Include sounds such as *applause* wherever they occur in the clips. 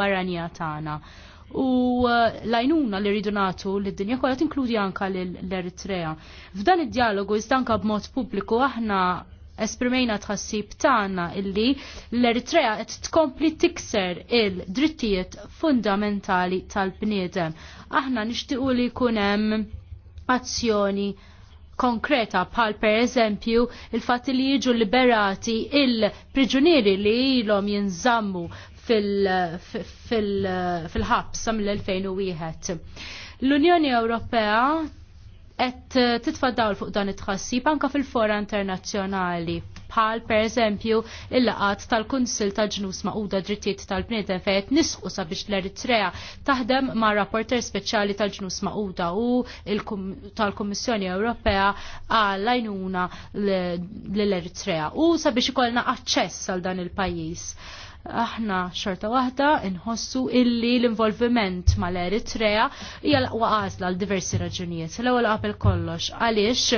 barranija tagħna. U uh, lajnuna li rridu nagħtu lid-dinja kollha tinkludi anka l-Eritrea. F'dan id-dialogu istanka b'mod pubbliku aħna esprimejna tħassib tagħna illi l-Eritrea qed tkompli tikser il-drittijiet fundamentali tal-bniedem. Aħna nixtiequ li jkun hemm azzjoni konkreta bħal per eżempju il-fat li jiġu liberati il-priġunieri li ilhom jinżammu fil-ħabs sa mill-2001. L-Unjoni Ewropea qed titfa' dawl fuq dan it-tħassib anke fil-fora internazzjonali bħal per eżempju il-laqat tal-Kunsil tal-ġnus maquda drittijiet tal-bniedem fejt nisqu sabiex l-Eritrea taħdem ma' rapporter speċjali tal-ġnus maquda u tal-Kummissjoni Ewropea għal għajnuna l-Eritrea u sabiex ikollna aċċess għal dan il-pajjiż aħna xorta waħda inħossu illi l-involviment mal-Eritrea hija l għażla l diversi raġunijiet. L-ewwel qabel kollox għaliex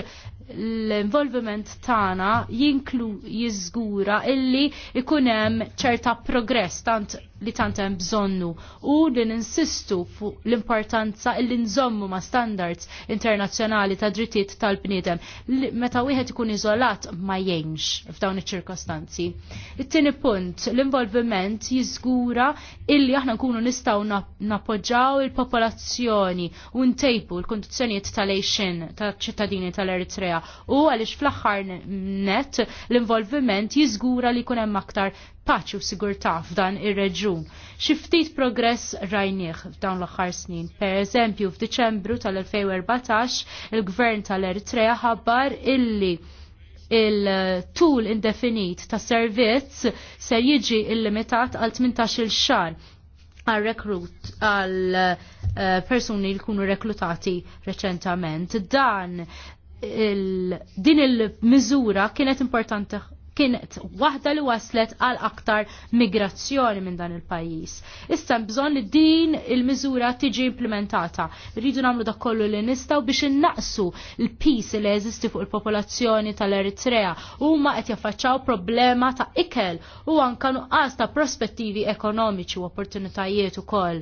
l-involviment tagħna jinklu jiżgura illi ikunem hemm ċerta progress tant li tant hemm bżonnu u li ninsistu fuq l-importanza illi nżommu ma' standards internazzjonali ta' drittijiet tal-bniedem meta wieħed ikun iżolat ma jgħinx f'dawn iċ-ċirkostanzi. It-tieni punt, l-involviment jiżgura illi aħna nkunu nistgħu nappoġġaw il-popolazzjoni u ntejpu l-kondizzjonijiet tal-għejxin tal ċittadini tal-Eritrea Ewropea u għaliex fl-aħħar net l-involviment jiżgura li jkun hemm aktar paċi u sigurtà f'dan ir-reġun. Xi ftit progress rajnieh f'dawn l-aħħar snin. Per eżempju, f'Diċembru tal-2014 il-Gvern tal-Eritrea ħabbar illi il-tul indefinit ta' servizz ser jiġi illimitat għal 18 xar għal rekrut għal eh, persuni li kunu reklutati reċentament. Dan din il-miżura kienet importanti kienet waħda li waslet għal aktar migrazzjoni minn dan il-pajis. Issa bżon li din il-miżura tiġi implementata. Rridu namlu da kollu li nistaw biex innaqsu l-pis li jeżisti fuq il-popolazzjoni tal-Eritrea u ma qed jaffaċċaw problema ta' ikel u anka nuqqas ta' prospettivi ekonomiċi u opportunitajiet ukoll.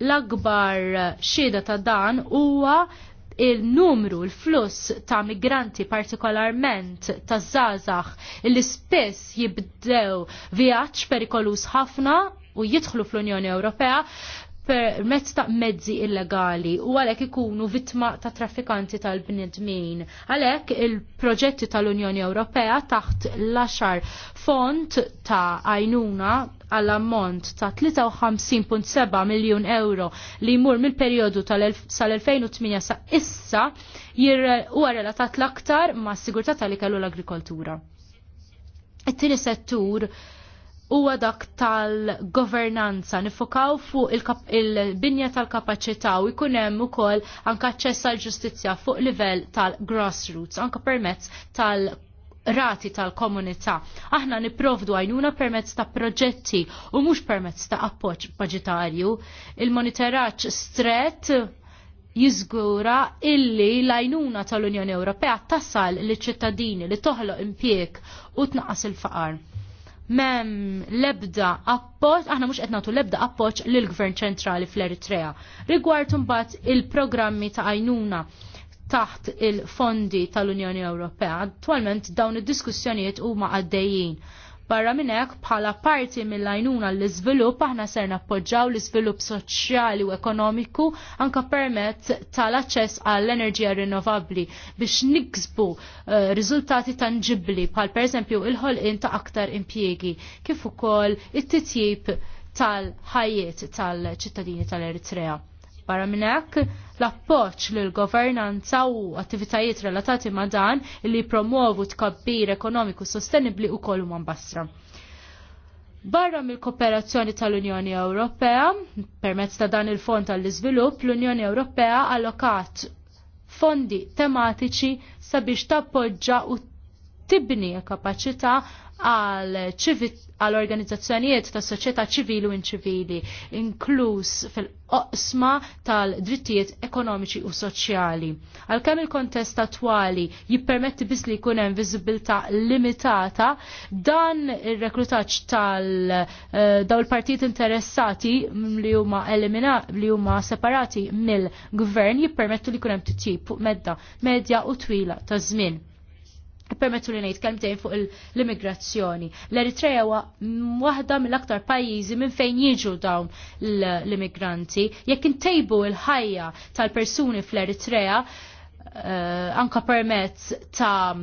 L-akbar xieda ta' dan huwa il-numru, il-fluss ta' migranti partikolarment ta' zazax li spess jibdew vjaġġ perikolus ħafna u jidħlu fl-Unjoni Ewropea permezz ta' mezzi illegali u għalek ikunu vittma ta' traffikanti tal-bnedmin. Għalhekk il-proġetti tal-Unjoni Ewropea taħt l-axar font ta' għajnuna għall-ammont ta' 53.7 miljon euro li jmur mill-periodu sal-2008 sa' issa huwa relatat l-aktar ma' sigurta tal-ikel l-agrikoltura. It-tieni settur huwa dak tal-governanza, nifokaw fuq il-binja il tal-kapacità u jkun hemm ukoll anke aċċess għall ġustizzja fuq livell tal-grassroots, anke permezz tal- rati tal-komunità. Aħna niprovdu għajnuna permezz ta' proġetti u mhux permezz ta' appoġġ budgetarju. Il-monitoraġġ stret jiżgura illi l-għajnuna tal-Unjoni Ewropea tasal li ċittadini li toħloq impjeg u tnaqqas il-faqar mem lebda appoġġ, aħna mhux qed nagħtu lebda appoġġ lil gvern ċentrali fl-Eritrea. Rigward bat il-programmi ta' għajnuna taħt il-fondi tal-Unjoni Ewropea, attualment dawn id-diskussjonijiet huma għaddejjin. Barra minn hekk bħala parti mill-għajnuna l-iżvilupp aħna ser nappoġġaw l-iżvilupp soċjali u ekonomiku anka permezz tal-aċċess għall-enerġija rinnovabbli biex niksbu rizultati eh, riżultati tangibbli bħal pereżempju il-ħolqien ta' aktar impjiegi kif ukoll it-titjib tal-ħajjiet tal-ċittadini tal-Eritrea. Barra minn hekk, l-appoġġ lill governanza u attivitajiet relatati ma' dan li promuovu tkabbir ekonomiku sostenibli u kollu man Barra mill-kooperazzjoni tal-Unjoni Ewropea, permezz ta' dan il-fond tal-iżvilupp, l-Unjoni Ewropea allokat fondi tematiċi sabiex tappoġġa u tibni kapacità għal organizzazzjonijiet ta' soċjetà ċivili u inċivili, inkluż fil-oqsma tal-drittijiet ekonomiċi u soċjali. Għalkemm il-kontest attwali jippermetti biss li jkun hemm viżibilità limitata, dan ir-reklutaġġ tal eh, daw il-partijiet interessati li huma elimina li huma separati mill-gvern jippermettu li jkun hemm titjib fuq medda medja u twila ta' żmien permettu li ngħid kelmtejn fuq l-immigrazzjoni. L-Eritrea huwa waħda mill-aktar pajjiżi minn fejn jiġu dawn l-immigranti. Jekk intejbu l-ħajja tal-persuni fl-Eritrea, uh, anka permezz ta'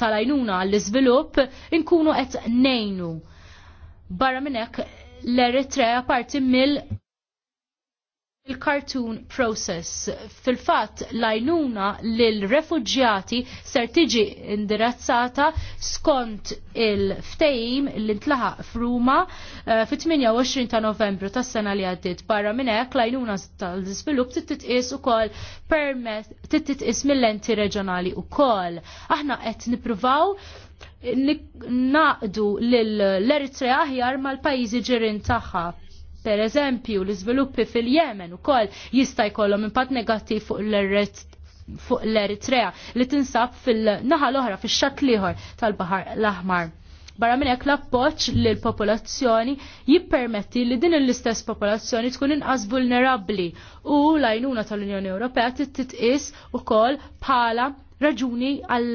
tal-għajnuna l-iżvilupp, inkunu qed nejnu. Barra minn hekk l-Eritrea parti mill il-cartoon process. Fil-fat, lajnuna l-refugġjati ser tiġi indirazzata skont il-ftejim l intlaħa f'Ruma eh, fit-28 ta' novembru tas sena li għaddit. Barra minn hekk lajnuna tal-żvilupp titqis ukoll permess titqis mill-enti reġjonali kol. Aħna qed nippruvaw naqdu l-Eritrea aħjar mal-pajjiżi ġirin tagħha per eżempju l-iżviluppi fil-Jemen ukoll jista' jkollhom impatt negattiv fuq l-Eritrea li tinsab fil-naħa l-oħra fix-xatt liħor tal bahar l-Aħmar. Barra minn hekk l-appoġġ li l-popolazzjoni jippermetti li din l-istess popolazzjoni tkun inqas vulnerabbli u l-għajnuna tal-Unjoni Ewropea titqis ukoll bħala raġuni għal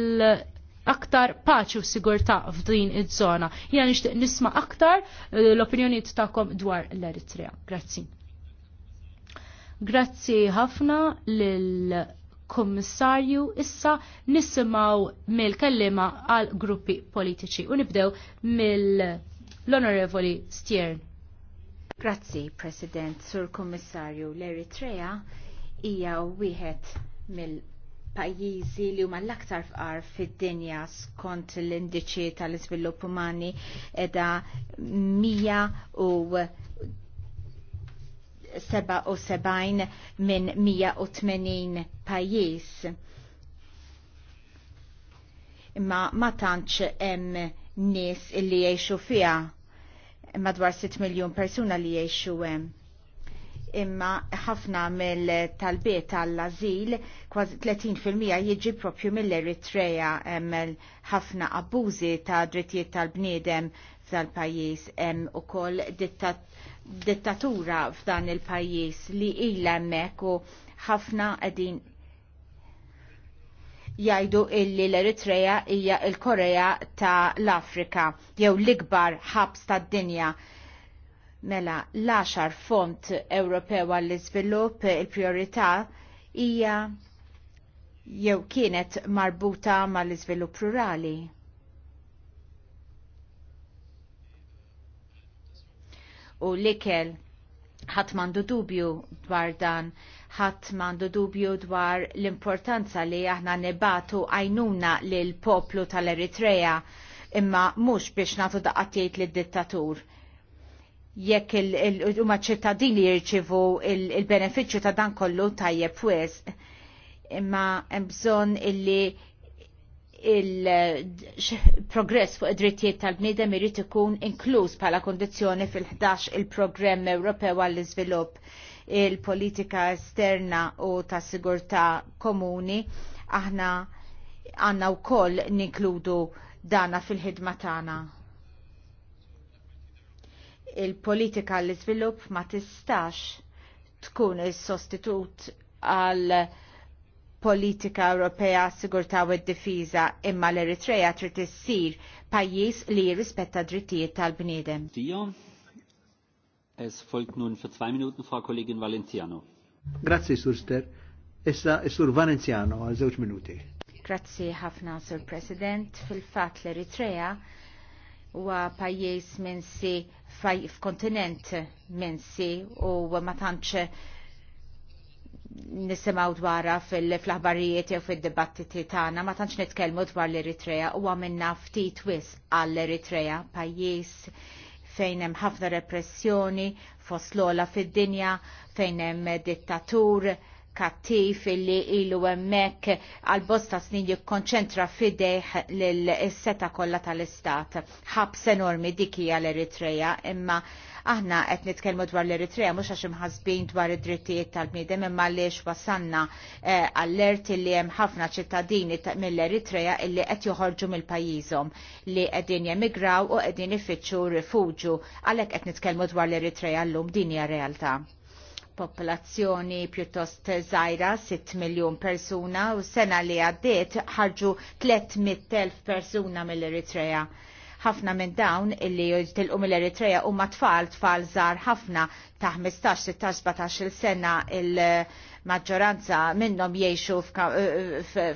aktar paċi u sigurtà f'din iż-żona. Jena nixtieq nisma' aktar eh, l-opinjonijiet tagħkom dwar l-Eritrea. Grazzi. Grazzi ħafna lil kommissarju issa nisimaw mill-kellima għal gruppi politiċi u nibdew mill-Onorevoli Stiern. Grazzi, President, Sur Kommissarju, l-Eritrea hija wieħed mill pajjiżi li huma l-aktar fqar fid-dinja skont l-indiċi tal-iżvilupp umani edha 177 minn 180 pajjiż. Imma ma tantx hemm nies illi jgħixu fiha madwar 6 miljun persuna li jgħixu hemm imma ħafna mill-talbiet għall-azil, kważi 30% jiġi propju mill-Eritrea hemm ħafna abbużi ta' drittijiet tal-bniedem f'dal-pajjiż hemm ukoll dittatura f'dan il-pajjiż li ilha hemmhekk u ħafna qegħdin jajdu illi l-Eritrea hija l-Korea ta' l-Afrika jew l-ikbar ħabs tad-dinja Mela, l-10 font Ewropew għall-iżvilupp il-priorità hija jew kienet marbuta mal-iżvilupp rurali. U l-ikel ħadd m'għandu dubju dwar dan, ħadd m'għandu dubju dwar l-importanza li aħna nibatu għajnuna lil poplu tal-Eritrea imma mhux biex nagħtu li d dittatur jekk il-huma ċittadini jirċivu il-benefiċċju ta' dan kollu tajjeb wes. Imma hemm bżonn illi il-progress fuq id-drittijiet tal-bniedem irid ikun inkluż bħala kondizzjoni fil-11 il-programm Ewropew għall-iżvilupp il-politika esterna u ta' sigurtà komuni aħna għanna wkoll ninkludu dana fil-ħidma tagħna il-politika l iżvilupp ma tistax tkun is-sostitut għal politika Ewropea sigurtà u d-difiża imma l-Eritrea trid issir pajjiż li jirrispetta drittijiet tal-bniedem. Es folgt nun für zwei Minuten Frau Kollegin Valentiano. Grazie, Surster. Issa, Sur Valenziano, għal żewġ minuti. Grazzi ħafna, Sur President. Fil-fat l-Eritrea huwa pajjiż minsi f'kontinent minsi u ma tantx nisimgħu dwarha fil-aħbarijiet jew fid-dibattiti tagħna ma tantx nitkellmu dwar l-Eritrea huwa minna ftit wis għall-Eritrea pajjiż fejn hemm ħafna repressjoni fost l-ola fid-dinja fejn hemm dittatur kattif illi ilu emmek għal-bosta snin jikkonċentra fideħ l-seta kollha tal-istat. Ħabs enormi dikija l-Eritreja, imma aħna qed nitkellmu dwar l-Eritrea mhux għax imħasbin dwar id-drittijiet tal-bniedem imma għaliex wasanna eh, allert li hemm ħafna ċittadini mill-Eritrea illi qed joħorġu mill-pajjiżhom li qegħdin jemigraw u qegħdin ifittxu rifuġu għalhekk qed nitkellmu dwar l-Eritrea llum din hija realtà popolazzjoni pjuttost zaħira 6 miljon persuna u sena li għaddiet ħarġu 300.000 persuna mill-Eritrea. Ħafna minn dawn illi tilqu mill-Eritrea u tfal tfal żar ħafna ta' 15 16 sena il-maġġoranza minnhom jgħixu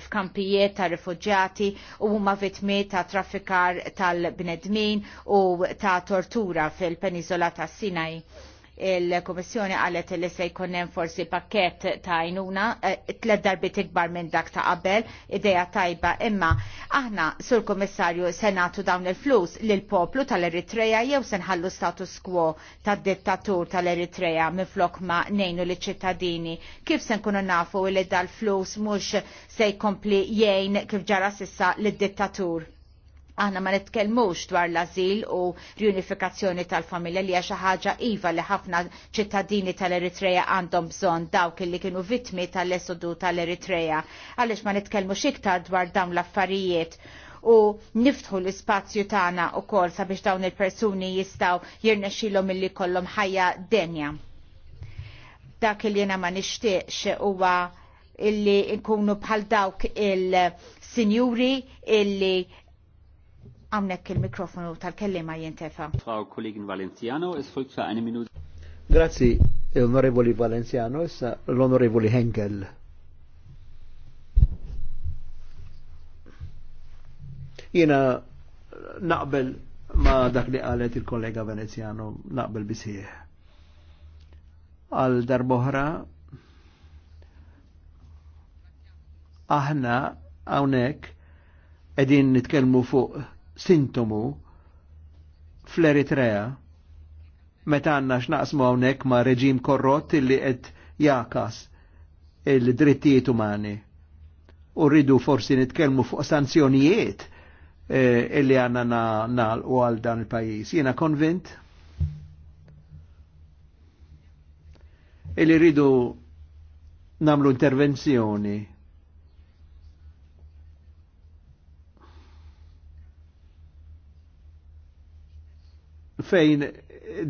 f'kampijiet ta' rifuġjati u huma vittmi ta' traffikar tal-bnedmin u ta' tortura fil-peniżola tas Sinaj il-Komissjoni għalet li se jkunem forsi pakket ta' jnuna, eh, tlet darbi ikbar minn dak ta' qabel, ideja tajba imma aħna sur komissarju senatu dawn il-flus l poplu tal-Eritrea jew senħallu status quo tad dittatur tal-Eritrea minn flok ma nejnu li ċittadini kif se nkunu nafu li dal-flus mux se jkompli jgħin kif ġara sissa lid dittatur Aħna ma nitkellmux dwar l-azil u riunifikazzjoni tal-familja li xi ħaġa iva li ħafna ċittadini tal-Eritrea għandhom bżonn dawk li kienu vittmi tal-esodu tal-Eritrea. Għaliex ma nitkellmux iktar dwar dawn l-affarijiet u niftħu l-ispazju tagħna wkoll sabiex dawn il-persuni jistgħu jirnexxilhom milli kollom ħajja denja. Dak li jiena ma nixtieqx huwa illi nkunu bħal dawk il-sinjuri illi Għamnek il-mikrofonu tal-kellima jintefa. Frau Kollegin Valenciano, es folgt für eine Minute. Grazzi, onorevoli Valenciano, issa l-onorevoli Henkel. Jena naqbel ma dak li għalet il-kollega Veneziano naqbel bisieħ. Għal darboħra aħna għawnek edin nitkelmu fuq sintomu fl-Eritrea meta għanna x'naqsmu hawnhekk ma' reġim korrott illi qed jakas il-drittijiet umani. U rridu forsi nitkellmu fuq sanzjonijiet eh, illi għanna nal u għal dan il-pajis. Jena konvint illi rridu namlu intervenzjoni fejn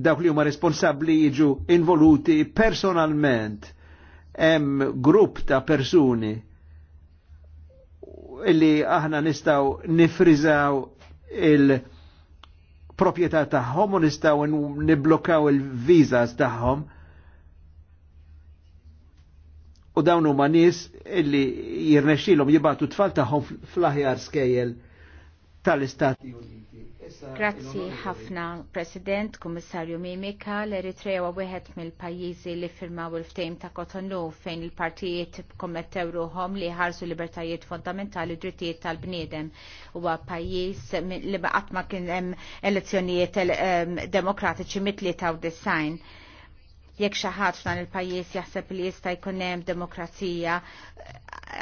dawk li huma responsabbli jiġu involuti personalment hemm grupp ta' persuni illi aħna nistaw nifrizaw il-propieta tagħhom u nistaw niblokaw il-vizas tagħhom. U dawn huma nies illi jirnexxilhom jibgħatu tfal tagħhom fl-aħjar skejjel tal-Istati Uniti. Grazzi ħafna, President, Kummissarju Mimika, l-Eritrea u wieħed mill-pajjiżi li firmaw il-ftejm ta' Kotonu fejn il-partijiet kommettew ruhom li ħarsu libertajiet fondamentali u drittijiet tal-bniedem. Huwa pajjiż li qatt ma kien hemm elezzjonijiet demokratiċi mitli ta' design Jekk xi ħadd f'dan il-pajjiż jaħseb li jista' jkun hemm demokrazija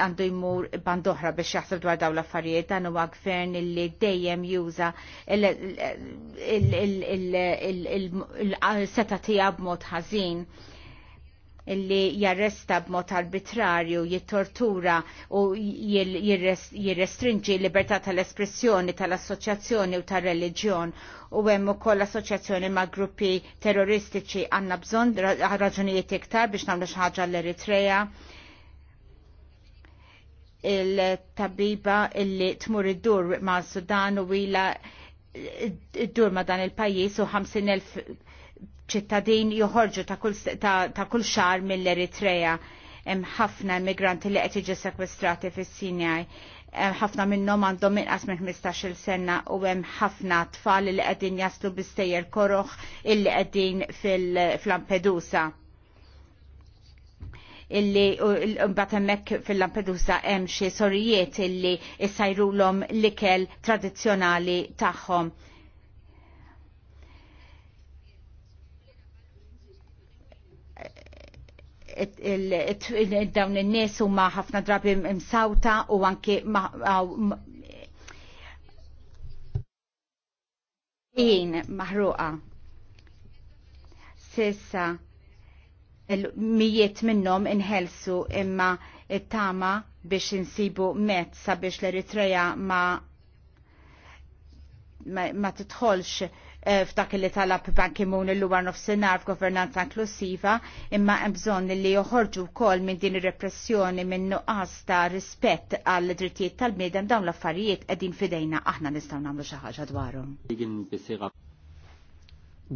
għandu jmur band oħra biex jaħseb dwar dawn l-affarijiet dan huwa gvern li dejjem juża il-seta tiegħu b'mod ħażin li jarresta b'mod arbitrarju, jittortura u jirrestringi libertà tal-espressjoni, tal-assoċjazzjoni u tal-reliġjon u hemm ukoll assoċjazzjoni ma' gruppi terroristiċi għandna bżonn raġunijiet iktar biex nagħmlu xi ħaġa l-Eritrea il-tabiba illi tmur id-dur ma' Sudan u ila id-dur ma' dan il-pajjiż u 50,000 ċittadin joħorġu ta' kull, ta, ta kull xar mill-Eritrea. Hemm ħafna immigranti li qed jiġu sekwestrati fis-Sinjaj. Ħafna minnhom għandhom inqas minn 15-il sena u hemm ħafna tfal li qegħdin jaslu bistejjer koroħ illi qegħdin fil-Lampedusa illi mbagħad hemmhekk fil-Lampedusa hemm xi sorijiet illi jsajrulhom l-ikel tradizzjonali tagħhom dawn in-nies huma ħafna drabi msawta u anke jien maħruqa. Sissa mijiet minnom inħelsu imma it-tama biex insibu mezz sabiex l eritreja ma ma, ma titħolx Eh, f'dak li talab Ban Ki-moon il-luwar nofsinhar f'governanza inklusiva, imma hemm bżonn li joħorġu wkoll minn din ir-repressjoni minn nuqqas ta' rispett għall drittijiet tal medem dawn l-affarijiet qegħdin fidejna aħna nistgħu nagħmlu xi ħaġa dwarhom.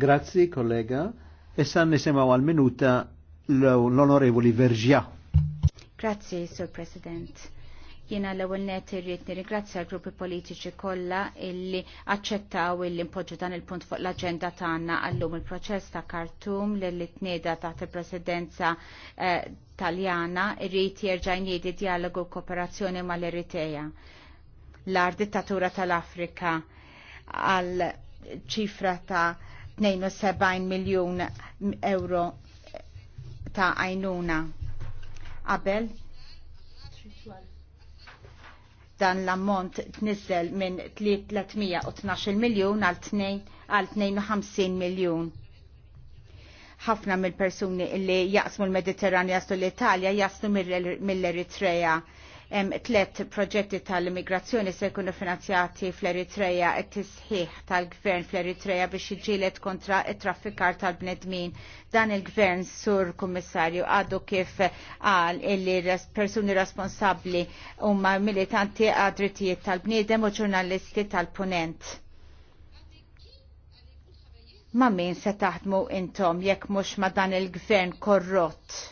Grazzi, kollega. Issa nisimaw għal-minuta l-Onorevoli Verġja. Grazzi, Sur President jina l-ewel net irrit nirringrazzja l-gruppi politiċi kollha illi aċċettaw illi npoġġu dan il-punt fuq l-aġenda tagħna għallum il-proċess ta' Kartum li tnieda taħt il-presidenza eh, Taljana irrit jerġa' jniedi dialogu kooperazzjoni mal-Eritrea l-ar dittatura tal-Afrika għal ċifra ta' 72 miljon euro ta' għajnuna. Qabel dan l-ammont tniżel minn 312 miljun għal 52 miljun. Ħafna mill-persuni li jaqsmu l-Mediterranja stu l-Italja jaslu mill-Eritrea. mill eritrea tlet proġetti tal-immigrazzjoni se jkunu finanzjati fl-Eritreja et tisħiħ tal-gvern fl-Eritreja biex iġilet kontra it-traffikar tal-bnedmin. Dan il-gvern sur kummissarju għadu kif għal illi persuni responsabli huma militanti għadritijiet tal-bniedem u ġurnalisti tal-ponent. Ma min se taħdmu intom jekk mhux ma dan il-gvern korrott?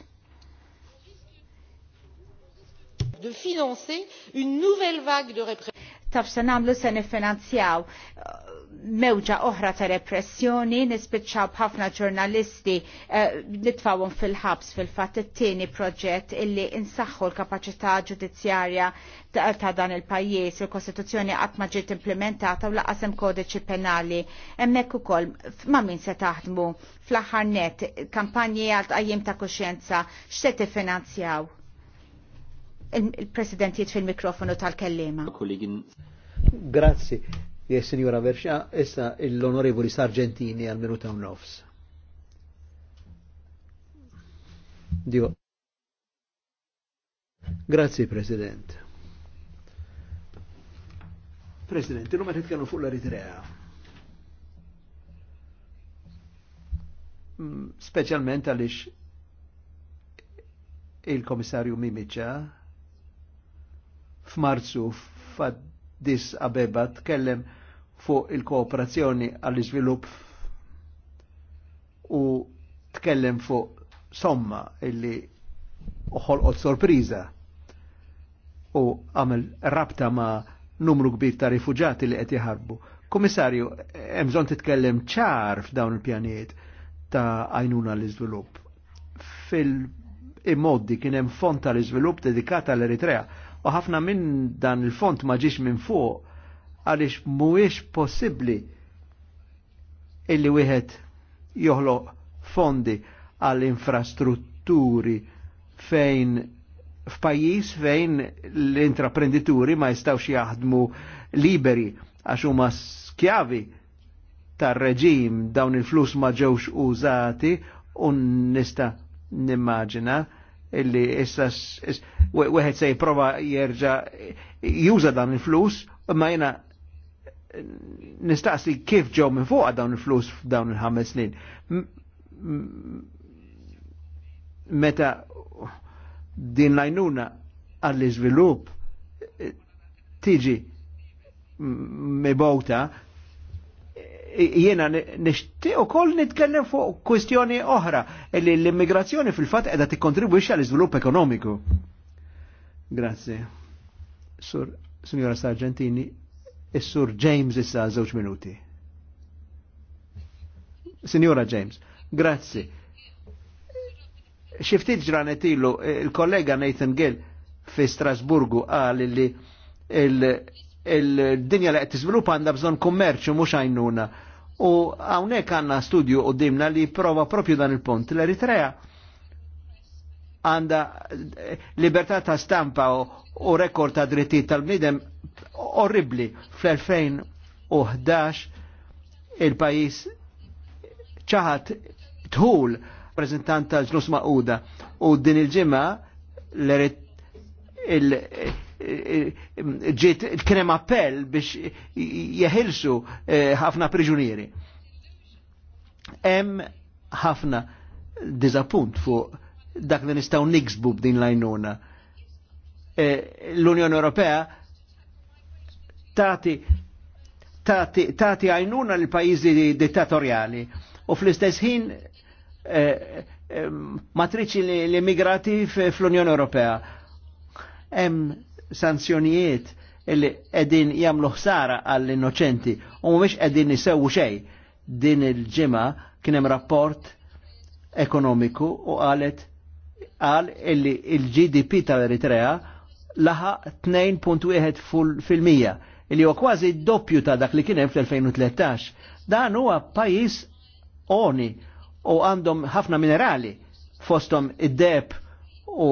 de financer une nouvelle vague de répression. Taf se namlu se nifinanzjaw eh, mewġa oħra ta' repressjoni nispiċċaw b'ħafna ġurnalisti eh, nitfawon fil-ħabs fil-fatt it-tieni proġett illi insaħħu l-kapaċità ġudizzjarja ta' dan il-pajjiż il-Kostituzzjoni qatt ma ġiet implementata u laqasem kodiċi penali. Hemmhekk ukoll ma' min se taħdmu fl-aħħar net kampanji għal tqajjim ta' kuxjenza x'se tiffinanzjaw? il-President fil mikrofonu tal-kellima. Kollegin. jes eh, signora Verxa, essa l-onorevoli Sargentini għal minuta un nofs. Dio. Grazzi, President. President, il-numma t-tkellmu fuq l-Eritrea. Mm, Specialment għalix il-komissarju Mimica f'Marzu f'Addis Abeba tkellem fuq il-kooperazzjoni għall-iżvilupp u tkellem fuq somma illi uħolqot sorpriża u għamel rabta ma numru kbir ta' rifugġati li qed jħarbu. Komissarju, hemm bżonn titkellem ċar f'dawn il-pjanijiet ta' għajnuna l-iżvilupp. Fil-immoddi kien hemm font tal-iżvilupp dedikata l-Eritrea u ħafna minn dan il-font ma ġiex minn fuq għaliex mhuwiex possibbli illi wieħed joħloq fondi għall infrastrutturi fejn f'pajjiż fejn l-intraprendituri ma jistgħux jaħdmu liberi għax huma skjavi tar-reġim dawn il-flus ma ġewx użati u nista' nimmaġina illi issa weħed se jipprova jerġa' juża dan il-flus, imma jiena nistaqsi kif ġew minn fuq dawn il-flus f'dawn il-ħames snin. Meta din lajnuna għall eh, tiġi jiena nishtiq ukoll nitkellem fuq kwistjoni oħra li l-immigrazzjoni fil-fatt qiegħda tikkontribwixxi għall iżvilupp ekonomiku. Grazie. Sur Signora Sargentini, is-Sur e James issa żewġ minuti. Signora James, grazie. Xiftit ġranet ilu, il-kollega Nathan Gill fi Strasburgu għal li il- il-dinja li qed tiżviluppa għandha bżonn kummerċu mhux għajnuna. U hawnhekk għandna studju dimna li prova propju dan il-punt. L-Eritrea għanda eh, libertà ta' stampa u rekord ta' drittijiet tal-bnidem orribli fl-2011 il-pajis ċaħat tħul prezentant tal ġlus ma'uda u din il-ġimma l ġiet krem appell biex jeħilsu eh, ħafna priġunieri. Hemm ħafna diżappunt fuq dak li nistgħu niksbu b'din lajnuna. Eh, L-Unjoni Ewropea tati tati għajnuna l-pajizi dittatorjali u fl-istess ħin eh, matriċi l-immigrati fl-Unjoni Ewropea. Hemm sanzjonijiet illi edin jamlu ħsara għall-innoċenti u mux edin nisewu xej. Din il-ġima kienem rapport ekonomiku u għalet għal illi il-GDP tal-Eritrea laħa 2.1 fil-mija illi huwa kważi doppju ta' dak li kien hemm fl-2013. Dan huwa pajjiż oni u għandhom ħafna minerali fostom id-deb u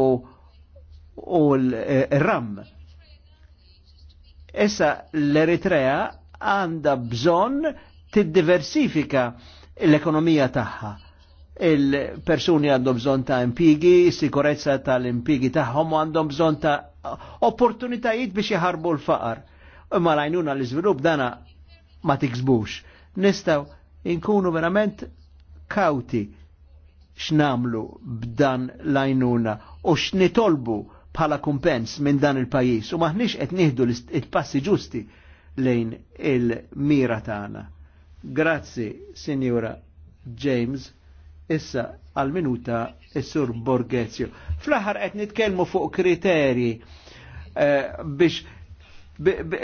u l-ram. Issa l-Eritrea għanda bżon tiddiversifika l-ekonomija tagħha. Il-persuni għandhom bżon ta' impigi, sikurezza tal-impigi tagħhom għandhom bżon ta' opportunitajiet biex jħarbu l-faqar. Imma lajnuna l-iżvilupp dana ma tiksbux. Nistaw inkunu verament kauti x'namlu b'dan lajnuna u x'nitolbu bħala kumpens minn dan il-pajis u maħniex qed nieħdu l passi ġusti lejn il-mira tagħna. Grazzi, Sinjura James, issa għal minuta is-Sur Borgezio. Fl-aħħar qed nitkellmu fuq kriterji eh, biex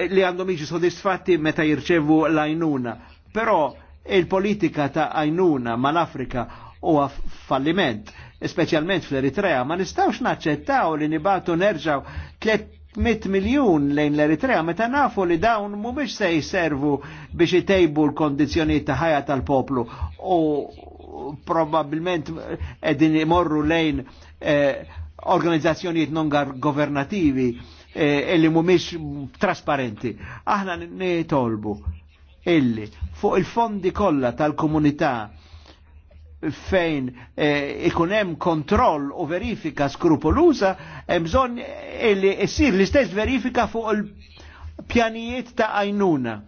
li għandhom jiġu sodisfatti meta jirċevu l-għajnuna. Però il-politika ta' għajnuna mal-Afrika huwa falliment specialment fl-Eritrea, ma nistawx naċċettaw li nibatu nerġaw 300 miljon lejn l-Eritrea, meta nafu li dawn mumiex se jiservu biex jtejbu l-kondizjoni ta' ħajja tal-poplu u probabilment edin imorru lejn eh, organizzazzjonijiet non governativi eh, illi mumiex trasparenti. Aħna nitolbu illi fuq il-fondi kollha tal-komunità fejn eh, ikunem kontroll u verifika skrupolusa, bżon eh, li jessir l-istess verifika fuq il-pjanijiet ta' għajnuna.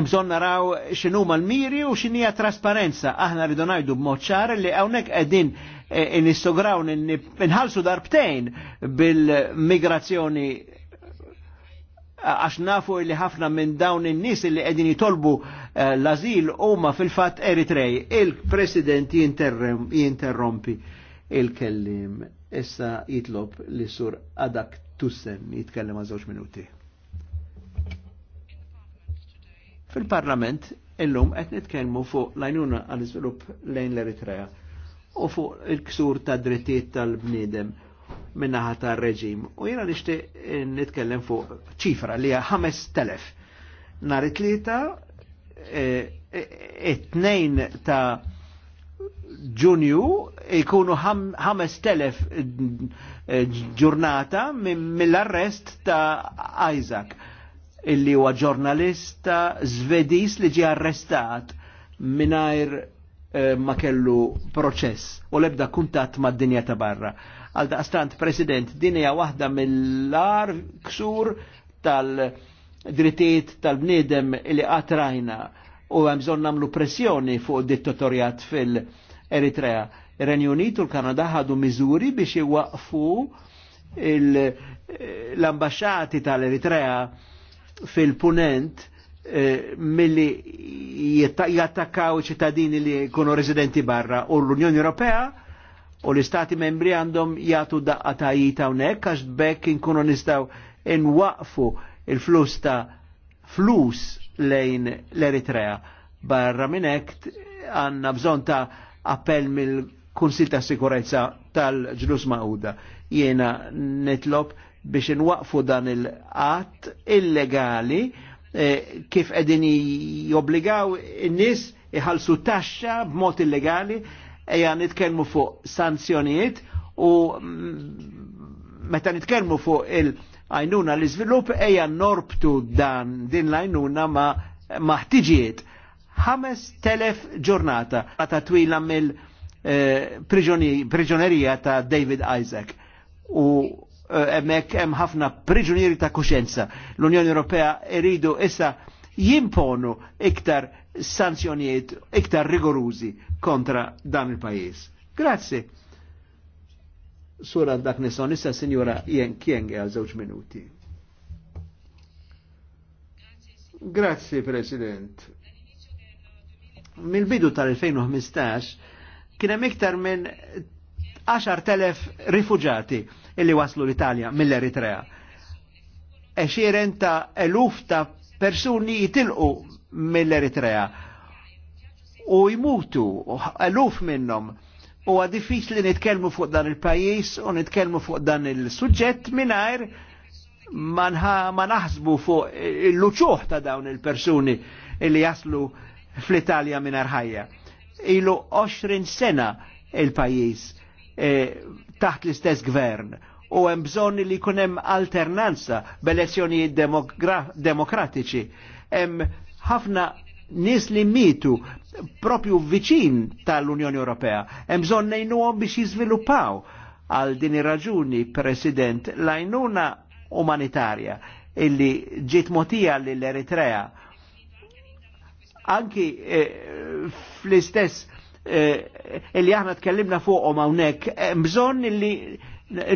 Bżon naraw xinu mal-miri u xinija trasparenza. Aħna ridu najdu b'moċċar li għawnek għedin eh, nistograw nħalsu darbtejn bil-migrazzjoni għax nafu li ħafna minn dawn in-nies li qegħdin jitolbu Eh, l-azil huma fil-fatt Eritrej. Il-President jinterrompi il-kellim. Issa jitlob li sur Adak Tussen jitkellem għal żewġ minuti. Fil-Parlament illum qed nitkellmu fuq l-għajnuna għal iżvilupp lejn l-Eritrea u fuq il-ksur ta' drittijiet tal-bniedem minnaħa ta' reġim. U jena nishti nitkellem fuq ċifra li hija 5000. Nar it-tlieta it-tnejn e, e, e, ta' ġunju ikunu 5000 ġurnata mill-arrest ta' Isaac illi huwa ġurnalista Zvedis li ġie arrestat mingħajr ma kellu proċess u lebda kuntat ma' dinja ta' barra. Għal daqstant, President, din hija waħda mill-ar ksur tal- drittijiet tal-bniedem li għatrajna u hemm bżonn nagħmlu pressjoni fuq dittatorjat fil-Eritrea. Ir-Renju Unit u l-Kanada ħadu miżuri biex iwaqfu l-ambasċati tal-Eritrea fil-punent eh, milli jattakkaw ċittadini li kunu residenti barra u l-Unjoni Ewropea u l-istati membri għandhom jgħatu daqqa tajjita unek għax bekk inkunu nistaw inwaqfu il-flus ta' flus lejn l-Eritrea. Barra minn għanna għandna bżonn ta' appell mill-Kunsil ta' Sikurezza tal-Ġlus Mauda. Jiena nitlob biex inwaqfu dan il-qatt illegali eh, kif qegħdin jobbligaw in-nies iħallsu taxxa b'mod illegali eja nitkellmu fuq sanzjonijiet u mm, meta nitkellmu fuq il- għajnuna l iżvilupp eja norbtu dan din l-għajnuna ma maħtiġiet. 5.000 ġurnata ta' twila mill eh, prigjonerija ta' David Isaac u eh, emmek hemm ħafna priġunieri ta' kuxenza. L-Unjoni Ewropea iridu issa jimponu iktar sanzjonijiet iktar rigorużi kontra dan il-pajis. Grazie. Sura dak nison, issa sinjora Jen Kienge għal żewġ minuti. Grazzi, President. Mill-bidu tal-2015 kien hemm iktar minn 10.000 rifuġati illi waslu l-Italja mill-Eritrea. Eċiren ta' eluf ta' persuni jitilqu mill-Eritrea u jmutu eluf minnom huwa diffiċli nitkellmu fuq dan il-pajjiż u nitkellmu fuq dan il-suġġett mingħajr ma naħsbu fuq il-luċuħ ta' dawn il-persuni li jaslu fl-Italja mingħajr ħajja. Ilu 20 sena il-pajjiż e, taħt l-istess gvern u hemm bżonn li jkun hemm alternanza b'elezzjonijiet demokratiċi. Hemm ħafna nis li mitu propju viċin tal-Unjoni Ewropea. Hemm bżonn ngħinuhom biex jiżviluppaw għal din ir-raġuni, President, l-għajnuna umanitarja illi ġiet motija lill-Eritrea anki eh, fl-istess eh, illi aħna tkellimna fuqhom hawnhekk hemm bżonn illi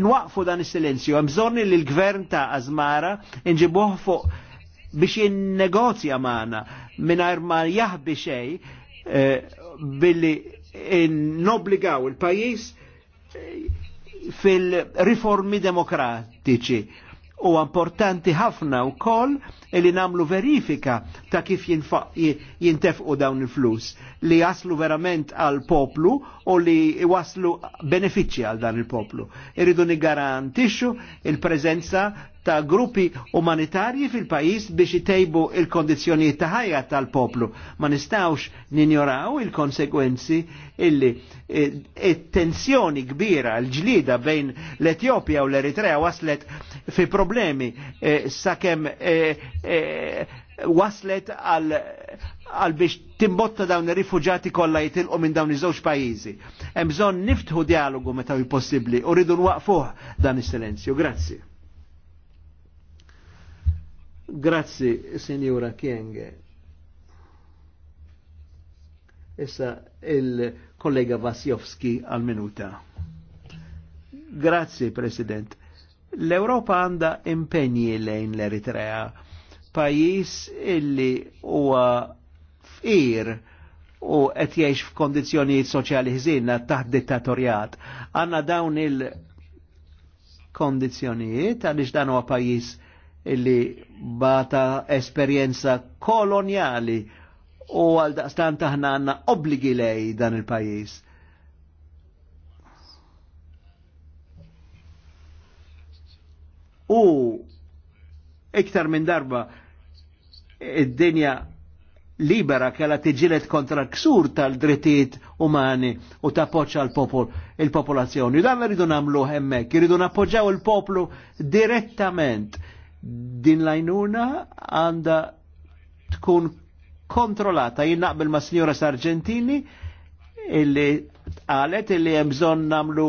nwaqfu dan is-silenzju, hemm bżonn li l-gvern ta' Azmara inġibuh fuq biex jinnegozja maħna minar ma jahbi xej eh, billi nobligaw il-pajis eh, fil-riformi demokratiċi u importanti ħafna u koll li namlu verifika ta' kif jintefqu dawn il-flus li jaslu verament għal poplu u li waslu benefiċi għal dan il-poplu. Irridu nigarantixxu il-prezenza ta' gruppi umanitarji fil-pajis biex itejbu il-kondizjonijiet ta' ħajja tal-poplu. Ma nistawx ninjoraw il-konsekwenzi illi il e, e, tensjoni kbira l-ġlida bejn l-Etjopja u l-Eritrea waslet fi problemi e, sakemm waslet għal għal biex timbotta dawn ir kolla kollha jitilqu minn dawn iż-żewġ pajjiżi. Hemm bżonn niftħu dialogu meta possibbli u rridu nwaqfuh dan is-silenzju. Grazzi. Grazzi, Signora Kienge. Issa il-kollega Vasjowski għal-minuta. Grazzi, President. L-Europa għanda impenji lejn l-Eritrea, pajis illi huwa fir u qed jgħix f'kondizzjonijiet soċjali ħżinna taħt dittatorjat. Għandna dawn il-kondizzjonijiet għaliex dan huwa pajjiż illi bata esperjenza koloniali u għal daqstan taħna għanna obligi lej dan il-pajis. U iktar minn darba id-dinja libera kalla tiġilet kontra ksur tal-drittijiet umani u ta' poċa l-popol, il-popolazzjoni. Dan rridu namlu hemmek, rridu nappoġġaw il-poplu direttament Din lajnuna għanda tkun kontrolata. Jien naqbel ma' Signora Sargentini illi għalet illi hemm bżonn namlu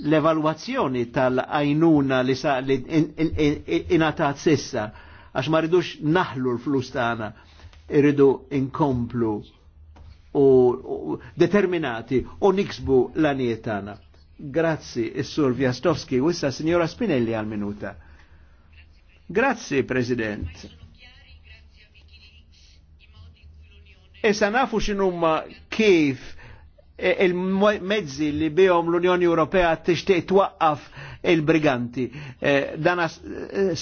l-evalwazzjoni tal-għajnuna li sa li inatat sissa għax ma rridux naħlu l-flus tagħna irridu inkomplu u, determinati u niksbu l-għaniet tagħna. Grazzi, is-Sur Vjastovski, wissa Signora Spinelli għal-minuta. Grazzi, President. Issa nafu x'inhuma kif e- e- il-mezzi li bihom l-Unjoni Ewropea tixtieq twaqqaf il-briganti. E, dana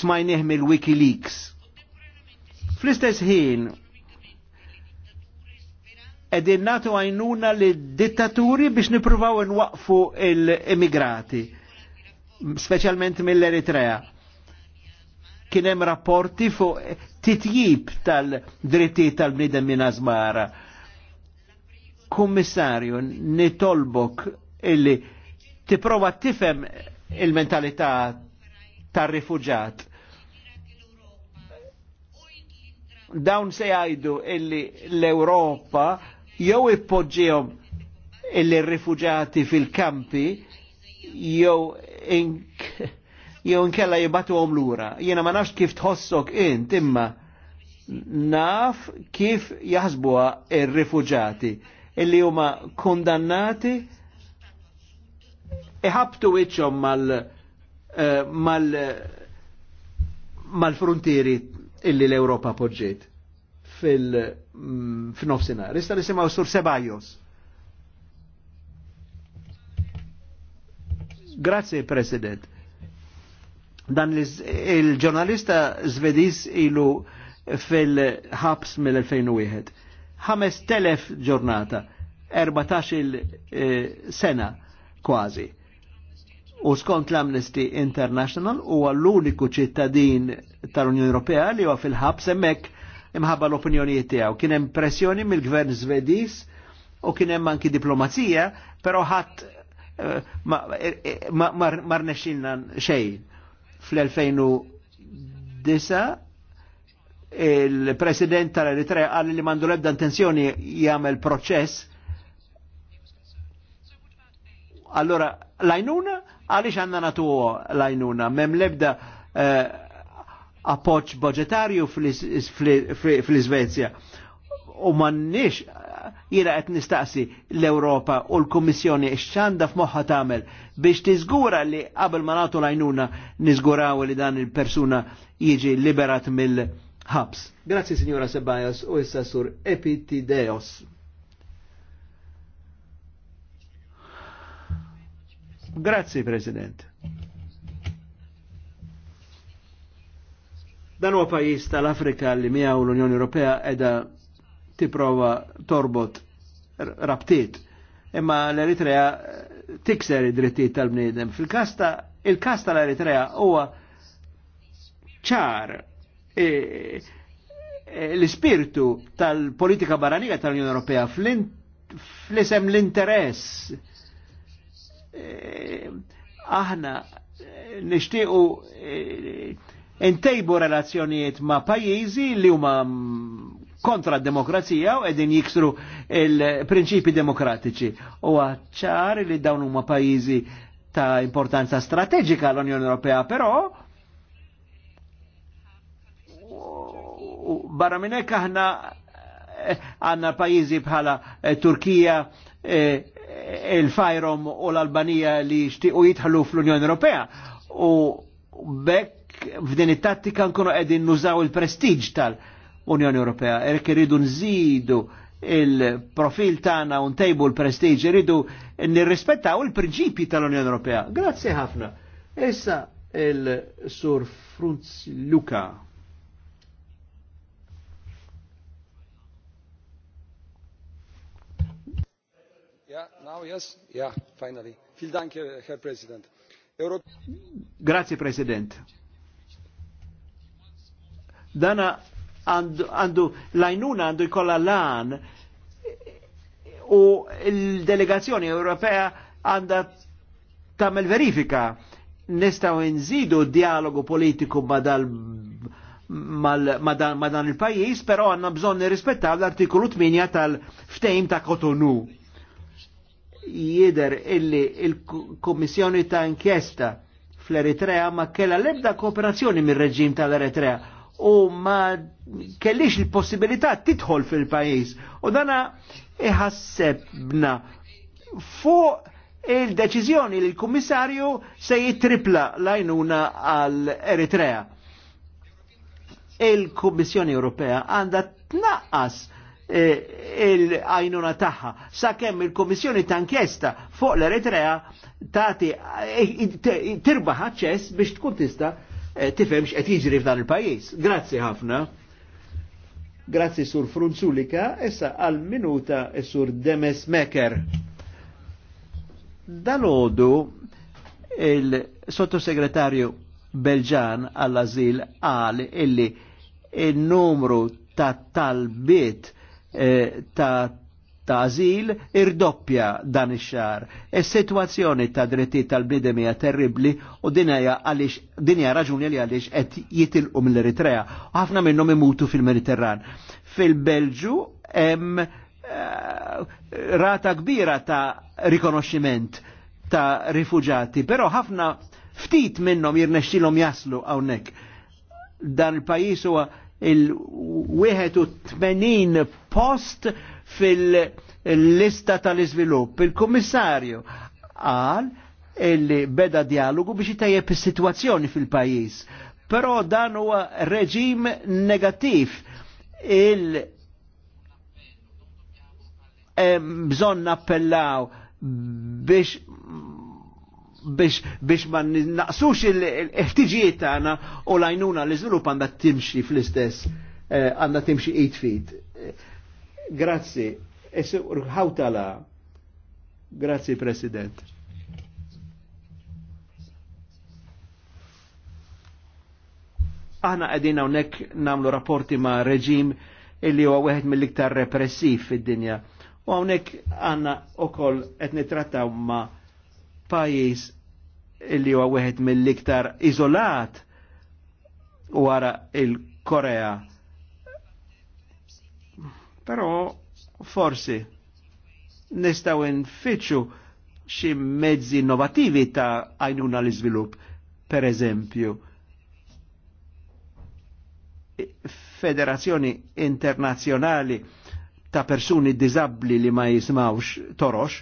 smajnieh mill-Wikileaks. Fl-istess ħin, edin natu għajnuna li dittaturi biex nipruvaw nwaqfu l-immigrati, specialment mill-Eritrea kien hemm rapporti fuq titjib tal-drittijiet tal-bniedem minn azmara. Kummissarju, nitolbok illi tipprova tifhem il-mentalità tar-rifuġat. Dawn se jgħidu illi l-Ewropa jew ippoġġihom illi r rifuġati fil-kampi jew ink jew nkella jibatu għom lura. Jena ma nafx kif tħossok int imma naf kif jaħsbuha ir-rifuġati illi huma kondannati iħabtu wiċċhom mal eh, mal mal-frontieri illi l-Ewropa poġġiet fil-nofsinar. Mm, Ista nisimaw sur Sebajos. Grazie, President Dan il-ġurnalista Zvediż ilu fil-ħabs mill-2001. 5.000 ġurnata, 14 eh, sena kważi. U skont l-Amnesty International huwa l-uniku ċittadin tal-Unjoni Ewropea li huwa fil-ħabs hemmhekk imħabba l-opinjonijiet tiegħu. Kien hemm pressjoni mill-gvern Zvediż u kien hemm anki diplomazija, però ħadd eh, ma eh, rnexxilna xejn fl-2009 il-president tal-Eritrea għalli li mandu lebda intenzjoni jgħamil proċess. Allora, lajnuna, għaliex għanna natu lajnuna, mem lebda eh, appoċ budgetarju fl-Svezja u mannix jira qed nistaqsi l europa u l-Kummissjoni x'għandha f'moħħa tamel biex tiżgura li qabel ma nagħtu l-għajnuna li dan il-persuna jiġi liberat mill-ħabs. Grazzi signora Sebajos u issa sur Epitideos. Grazzi President. Dan huwa pajjiż tal-Afrika li miegħu l-Unjoni Ewropea edha tipprova torbot rabtiet. Imma l-Eritrea tikser id-drittijiet tal-bniedem. Fil-kasta, il kasta tal-Eritrea huwa ċar e, e, l-ispirtu tal-politika barranija tal-Unjoni Ewropea fl-isem l-interess. E, aħna nishtiqu intejbu relazzjonijiet ma' pajjiżi li huma kontra d-demokrazija u edin jiksru il-prinċipi demokratiċi. U għacċar li dawn huma pajizi ta' importanza strategika l-Unjoni Ewropea, però barra minn hekk aħna eh, għandna pajjiżi bħala eh, Turkija, eh, il-Fajrom u l-Albanija li jixtiequ jidħlu fl-Unjoni Ewropea. U bekk f'din it-tattika nkunu qegħdin nużaw il-prestiġ tal- Unjoni Ewropea. Erk irridu nżidu il-profil tagħna u ntejbu l prestiġ irridu nirrispettaw il-prinċipji tal-Unjoni Ewropea. Grazzi ħafna. Issa il-Sur Frunz Luka. Now, yes? yeah, finally. Dank, Herr President. Euro... Grazie, President. Dana għandu lajnuna għandu jkollha lan u l-delegazzjoni Ewropea għandha tagħmel verifika nistgħu nżidu dialogu politiku madal ma dan il-pajis, pero għanna bżon nirrispettaw l-artikolu 8 tal-ftejm ta' Kotonu. Jider illi il-Kommissjoni ta' inkjesta fl-Eritrea ma kella lebda kooperazzjoni mir reġim tal-Eritrea u ma kellix il-possibilità titħol fil-pajis. U dana iħassebna fuq il-deċizjoni li l-Kummissarju se jitripla lajnuna għal-Eritrea. Il-Kummissjoni Ewropea għanda tnaqqas eh, il-għajnuna taħħa. Sakemm il kummissjoni ta' fuq l-Eritrea tati eh, tirbaħ ċess biex tkun tista' Eh, tifhem x'qed jiġri f'dan il-pajjiż. Grazzi ħafna. Grazzi sur Frunzulika, issa għal minuta eh, sur Demes Meker. Dalodu il-sottosegretarju Belġan għall-azil għal illi il-numru ta' talbiet eh, ta' ta' azil irdoppja dan ix-xar. Is-sitwazzjoni ta' drittijiet tal-bniedem hija terribbli u dinja għaliex din hija raġuni li għaliex qed jitilqu mill-Eritrea. Ħafna minnhom imutu fil-Mediterran. Fil-Belġu hemm eh, rata kbira ta' rikonoxximent ta' rifugjati, però ħafna ftit minnhom jirnexxilhom jaslu hawnhekk. Dan il-pajjiż huwa il-81 post fil-lista tal-iżvilupp. Il-Kummissarju qal illi beda dialogu biex jitajjeb is-sitwazzjoni fil-pajjiż. Però dan huwa reġim negattiv. Il bżonn appellaw biex biex biex ma naqsux il-ħtiġijiet tagħna u lajnuna l-iżvilupp għandha timxi fl-istess eh, għandha timxi 8 feet. Grazzi. E se ħawtala. Grazzi, President. Aħna għedin hawnhekk namlu rapporti ma' reġim illi huwa wieħed mill-iktar repressiv fid-dinja. U hawnhekk għandna ukoll qed nittrattaw ma' pajjiż illi huwa wieħed mill-iktar iżolat wara il-Korea Però forsi nistaw nfittxu xi mezzi innovativi ta' għajnuna l-iżvilupp. Per eżempju, federazzjoni internazzjonali ta' persuni diżabbli li ma jismawx torox,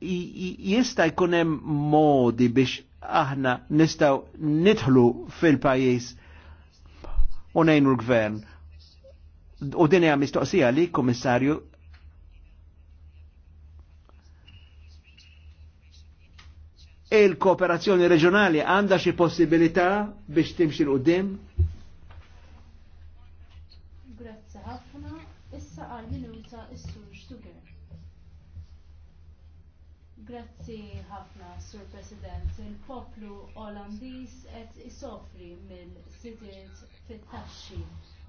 jista' jkun hemm modi biex aħna nistgħu nidħlu fil-pajjiż u nejnu l-gvern. U din hija mistoqsija li komissarju, il-kooperazzjoni reġjonali għandha xi possibilità biex timxi l-qudiem? Grazzi ħafna, Sur President. Il-poplu Olandiż qed isofri mill-sidiet fit-taxxi.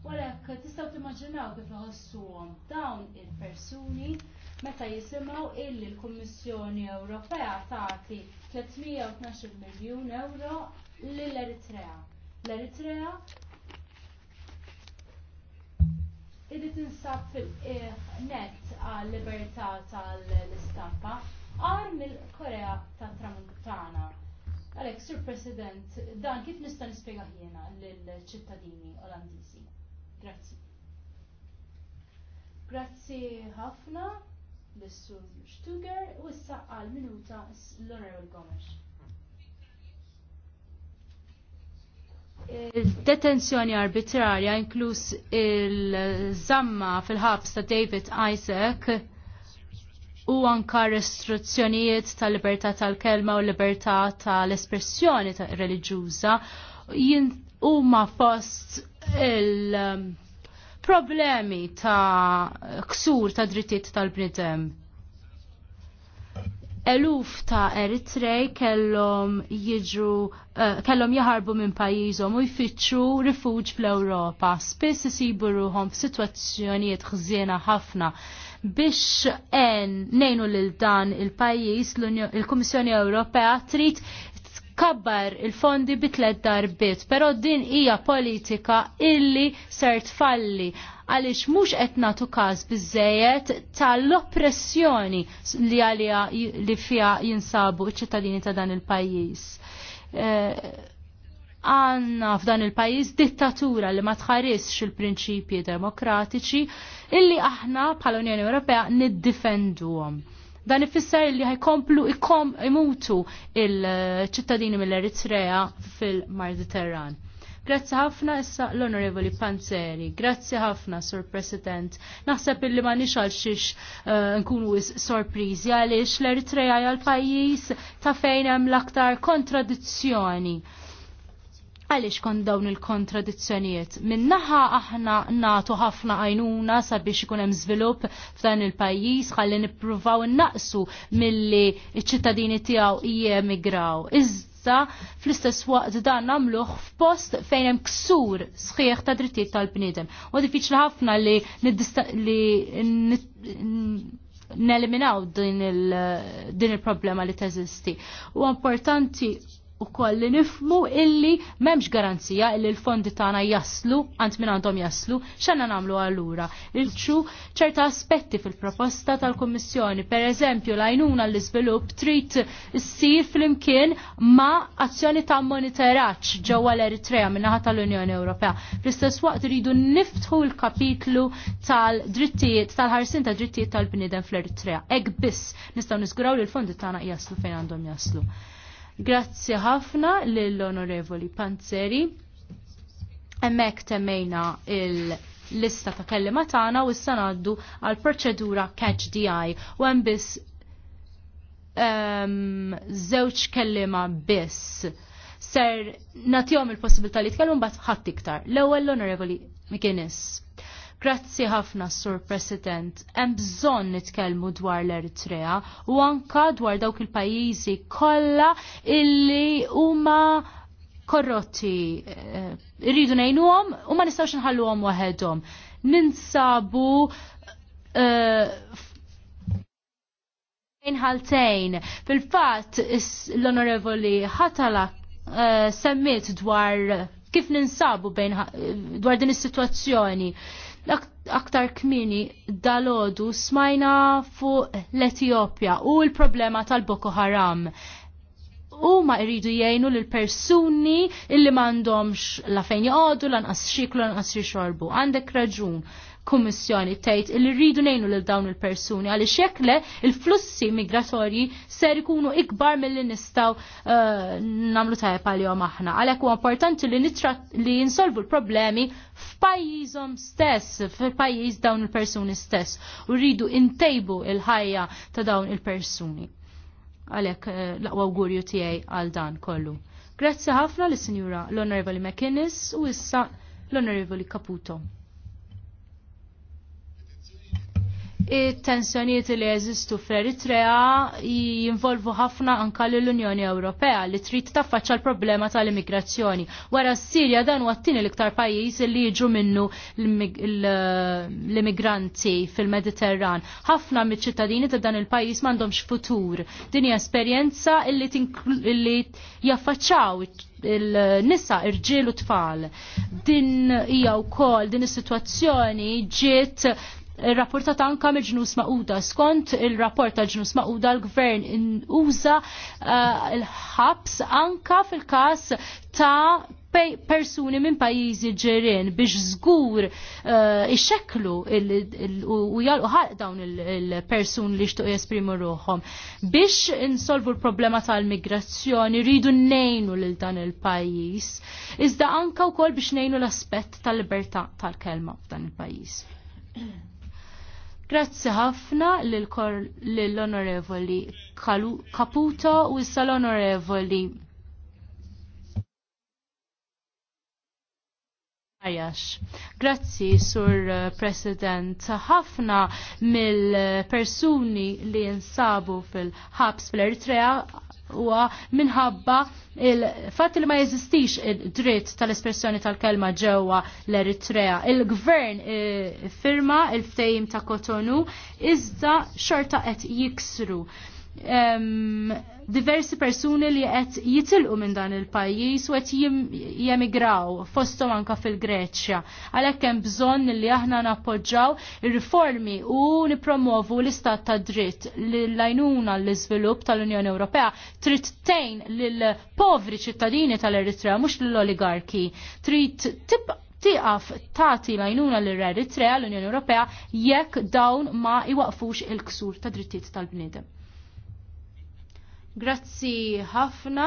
Walek, tistaw timmaġinaw kif iħossuhom dawn il-persuni meta jisimgħu illi l-Kummissjoni Ewropea tagħti 312 miljun euro lill-Eritrea. L-Eritrea illi tinsab fil-net eh, għal libertà tal-istampa għar mill-Korea tal-Tramuntana. Għalek, Sur President, dan kif nista' nispjega jiena lill-ċittadini Olandiżi? Grazzi. Grazzi ħafna l-Sur Stuger u issa għal minuta l-Honorable Gomes. Il-detenzjoni arbitrarja inkluż il-żamma fil-ħabs ta' David Isaac u anka restrizzjonijiet tal libertà tal-kelma u libertà tal-espressjoni ta reliġjuża huma fost il um, problemi ta' ksur ta' drittijiet tal-bnidem. Eluf ta' Eritrej kellhom jiġu eh, kellom jaharbu jaħarbu minn pajjiżhom u jfittxu rifuġ fl-Ewropa. Spiss isibu ruhom f'sitwazzjonijiet ħżiena ħafna biex en nejnu lil dan il-pajjiż il-Kummissjoni Ewropea trid kabbar il-fondi bitlet darbit, pero din hija politika illi ser tfalli għaliex mhux qed nagħtu każ biżejjed tal-oppressjoni li għalija li fiha jinsabu ċ-ċittadini ta' dan il-pajjiż. Eh, għanna f'dan il-pajis dittatura li ma tħarisx il-prinċipji demokratiċi illi aħna bħala Unjoni Ewropea niddifenduhom. Dan ifisser li ħajkomplu ikom imutu il-ċittadini mill-Eritrea fil-Mediterran. Grazzi ħafna issa l-Onorevoli Panzeri, grazzi ħafna Sur President. Naħseb illi ma nixal xiex uh, eh, nkunu sorprizi għaliex l-Eritrea għal pajjiż ta' fejn hemm l-aktar kontradizzjoni għaliex kon dawn il-kontradizzjonijiet. Minnaħa aħna natu ħafna għajnuna sabiex ikun hemm żvilupp f'dan il-pajjiż ħalli nippruvaw innaqsu milli ċ-ċittadini tiegħu jemigraw. Iżda fl-istess waqt dan nagħmluh f'post fejn hemm ksur sħiħ ta' drittijiet tal-bniedem. U diffiċli ħafna li neliminaw din il-problema li teżisti. U importanti u koll li nifmu illi memx garanzija illi l-fondi tana jaslu, għant minn għandhom jaslu, xanna namlu għallura. Il-ċu ċerta aspetti fil-proposta tal-Kommissjoni, per eżempju lajnuna l-izvilup trid sir fl-imkien ma azzjoni ta' monitoraċ ġewwa l-Eritrea minnaħa tal-Unjoni Ewropea. Fl-istess waqt rridu niftħu l-kapitlu tal-drittijiet, tal-ħarsin tal drittijiet tal-bnidem fl-Eritrea. Ek biss nistgħu nisguraw li l-fondi tana jaslu fejn għandhom jaslu. Grazzi ħafna l onorevoli Panzeri. Emmek temmejna il-lista ta' kellima tagħna u issa ngħaddu għal proċedura catch DI u hemm biss um, żewġ kellima biss. Ser nagħtihom il-possibilità li tkellmu mbagħad ħadd iktar. L-ewwel l-Onorevoli McGuinness. Grazzi ħafna, Sur President. Hemm bżonn nitkellmu dwar l-Eritrea u anka dwar dawk il-pajjiżi kollha illi huma korrotti eh, irridu ngħinuhom u ma nistgħux nħalluhom waħedhom. Ninsabu eh, ħaltejn. Fil-fatt l-Onorevoli ħatala eh, semmiet dwar kif ninsabu bejn dwar din is-sitwazzjoni l aktar kmini dalodu smajna fuq l-Etjopja u l-problema tal-Boko Haram. U ma irridu jgħinu l-persuni illi mandomx la fejn jgħodu, lanqas xiklu, lanqas asċiċorbu. Għandek raġun kummissjoni tgħid li rridu ngħinu lil dawn il-persuni għaliex xekle il-flussi migratorji ser ikunu ikbar milli nistgħu eh, nagħmlu tajjeb għalihom aħna. Għalhekk huwa importanti li li jinsolvu l-problemi f'pajjiżhom stess, f'pajjiż dawn il-persuni stess u rridu intejbu il-ħajja ta' dawn il-persuni. Għalhekk uh, l-aqwa awgurju tiegħi għal dan kollu. Grazzi ħafna l-Sinjura l-Onorevoli McInnes u issa l-Onorevoli Caputo. it-tensjonijiet li jeżistu fl-Eritrea jinvolvu ħafna anka l-Unjoni Ewropea li trid taffaċċa l-problema tal-immigrazzjoni. Wara s-Sirja dan huwa t-tieni l-iktar pajjiż li jiġu minnu l-immigranti fil-Mediterran. Ħafna miċ-ċittadini ta' dan il-pajjiż m'għandhomx futur. Din hija esperjenza li jaffaċċaw il-nisa, irġiel u tfal. Din hija wkoll din is-sitwazzjoni ġiet rapportat anka mill-ġnus maquda. Skont il-rapport ġnus maquda l-gvern uża eh, l-ħabs anka fil-kas ta' persuni minn pajjiżi ġerin biex żgur eh, ixxeklu u jalqu ħal dawn il-persuni li xtuq jesprimu ruħom. Biex insolvu l-problema tal-migrazzjoni rridu nejnu lil dan il-pajjiż. Iżda anka wkoll biex nejnu l-aspett tal-libertà tal-kelma f'dan il-pajjiż. *clears throat* Grazzi ħafna l-onorevoli Caputo u s-sal-onorevoli Ajax. Grazzi, Sur eh, President. Ħafna mill-persuni li jinsabu fil-ħabs fil-Eritrea huwa minħabba il fat li ma jeżistix id-dritt tal-espressjoni tal-kelma ġewwa l-Eritrea. Il-gvern eh, firma il-ftejim ta' Kotonu iżda xorta qed jiksru diversi persuni li qed jitilqu minn dan il-pajjiż u qed jemigraw fosthom anka fil-Greċja. Għalhekk hemm bżonn li aħna nappoġġaw ir-riformi u nippromovu l-istat ta' dritt li lajnuna l-iżvilupp tal-Unjoni Ewropea trid tejn lill-povri ċittadini tal-Eritrea mhux lill-oligarki. Trid tibqa' tiqaf tati lajnuna l-Eritrea l-Unjoni Ewropea jekk dawn ma iwaqfux il-ksur ta' drittijiet tal-bnidem. Grazzi ħafna,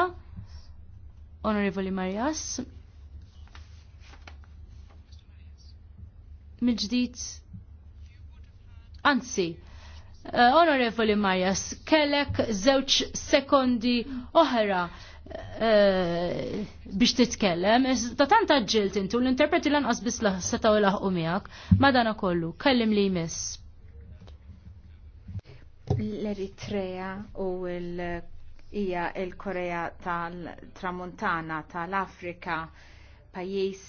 Onorevoli Marjas. Mġdijt, anzi, eh, Onorevoli Marias, kellek zewċ sekondi oħra eh, biex titkellem, ta' tanta ġilt intu l-interpreti lanqas biss setaw laħqu miegħek, madana kollu, kellim li jmiss. L-Eritrea u l hija l-Korea tal-Tramuntana tal-Afrika pajjiż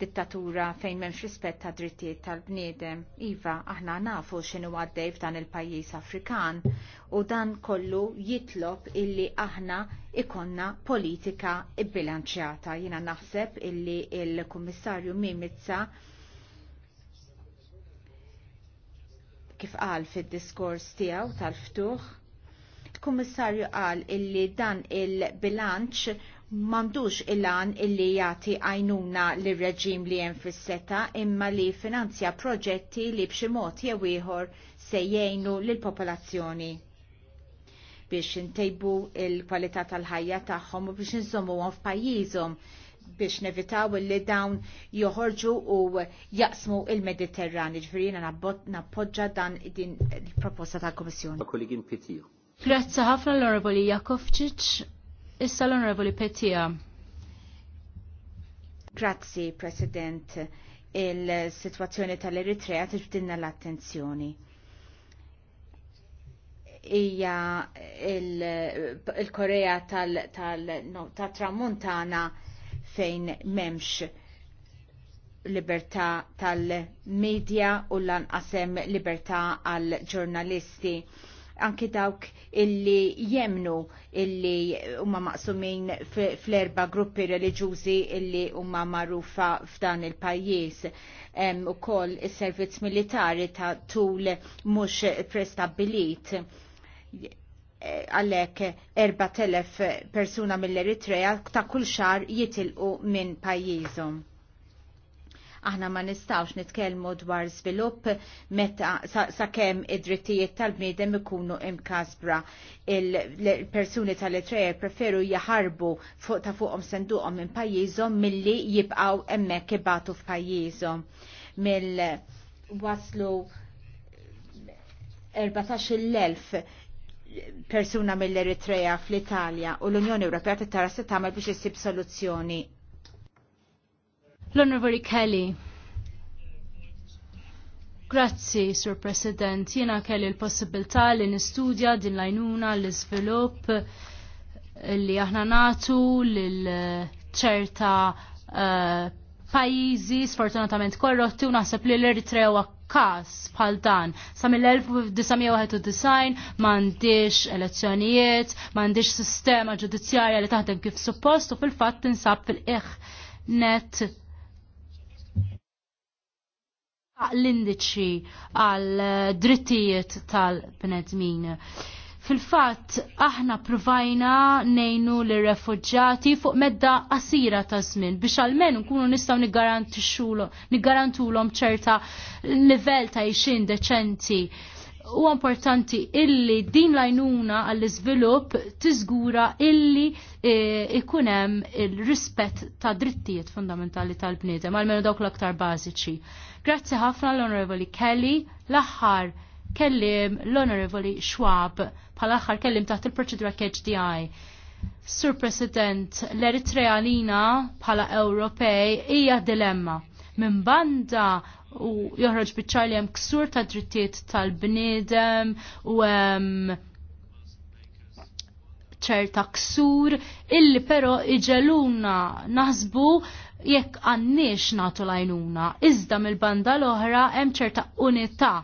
dittatura fejn m'hemmx rispett ta' drittijiet tal-bniedem. Iva, aħna nafu x'inhu għaddej f'dan il-pajjiż Afrikan u dan kollu jitlob illi aħna ikonna politika bilanċjata. Jiena naħseb illi il-Kummissarju Mimizza kif qal fid-diskors tiegħu tal-ftuħ Il-Kummissarju qal illi dan il-bilanċ mandux il-għan illi jati għajnuna l reġim li jen fis-seta imma li finanzja proġetti li bximot jewiħor se jgħinu l-popolazzjoni biex intejbu il-kwalità tal-ħajja tagħhom u biex nżommuhom f'pajjiżhom biex nevitaw li dawn joħorġu u jaqsmu il-Mediterran. Ġifirina nappoġġa dan din il-proposta tal-Komissjoni. Kollegin Grazzi ħafna l-Onorevoli Jakovčić, issa l-Onorevoli Petija. Grazzi, President. Il-situazzjoni tal-Eritrea tiġbdilna l-attenzjoni hija il-Korea il tal-Tramuntana tal, no, fejn memx libertà tal-medja u lanqasem libertà għal ġurnalisti anki dawk illi jemnu illi huma maqsumin fl-erba gruppi reliġjużi illi huma magħrufa f'dan il-pajjiż. u ukoll is-servizz militari ta' tul mhux prestabilit e, għalek 4.000 persuna mill-Eritrea ta' kull xar jitilqu minn pajjiżhom. Aħna ma nistawx nitkellmu dwar svilupp meta sakemm sa id-drittijiet tal-bniedem ikunu imkasbra. Il-persuni tal-Eritrea preferu jaħarbu fuq ta' fuqhom senduqom minn pajjiżhom milli jibqgħu hemmhekk ibatu f'pajjiżhom. Mill waslu 14,000 persuna mill-Eritrea fl-Italja u l-Unjoni Ewropea tittara se tagħmel biex issib soluzzjoni L-Onorevoli Kelly. Grazzi, Sur President. Jena kelli l-possibilità li nistudja din lajnuna l-izvilup li aħna natu l-ċerta uh, eh, pajizi sfortunatament korrotti u naħseb li l-Eritrea huwa kas bħal dan. Sa mill-1991 m'għandix elezzjonijiet, m'għandix sistema ġudizzjarja li taħdem kif suppost u fil-fatt tinsab fil-iħ net l-indiċi għal eh, drittijiet tal-bnedmin. Fil-fatt, aħna provajna nejnu l refugġati fuq medda qasira ta' żmien biex almen nkunu nistgħu niggarantixxulhom niggarantulhom ċerta livell ta' ixin deċenti u importanti illi din lajnuna għall-izvilup tiżgura illi e, ikunem il-rispett ta' drittijiet fundamentali tal-bniedem, għalmenu dawk l-aktar bażiċi. Grazzi ħafna l-Onorevoli Kelly, l-aħħar kellim l-Onorevoli Schwab, pal-aħħar kellim taħt il-proċedura KHDI. Sur President, l-Eritrea lina bħala Ewropej hija dilemma. Minn banda u joħroġ biċċar li hemm ksur ta' drittijiet tal-bniedem u hemm ċerta ksur illi però iġeluna naħsbu jekk għanniex natu lajnuna. Iżda mill-banda l-oħra hemm ċerta unità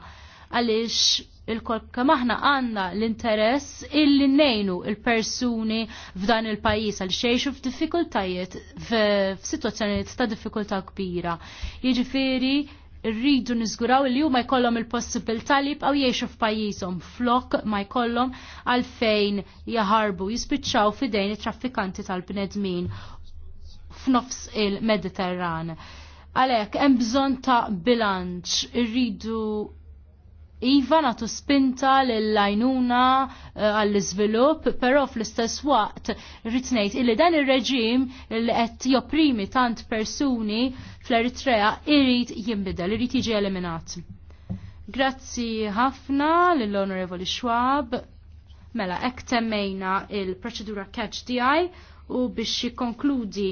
għaliex il-kol maħna aħna għanna l-interess illi nejnu il-persuni f'dan il-pajis għal xeħxu f'diffikultajiet f'situazzjoniet ta' diffikultà kbira. Jiġifieri rridu niżguraw li huma jkollhom il-possibilità li jibqgħu jgħixu f'pajjiżhom flok ma jkollhom għalfejn jaħarbu jispiċċaw fidejn it-traffikanti tal-bnedmin f'nofs il-Mediterran. Għalhekk hemm bżonn ta' bilanċ, irridu Iva natu spinta l-lajnuna eh, għall-izvilup, pero fl-istess waqt rritnejt illi dan il-reġim li qed jopprimi tant persuni fl-Eritrea irrid jimbidel, irrid jiġi eliminat. Grazzi ħafna l-Honorable Schwab. Mela, ek temmejna il-proċedura catch DI u biex jikonkludi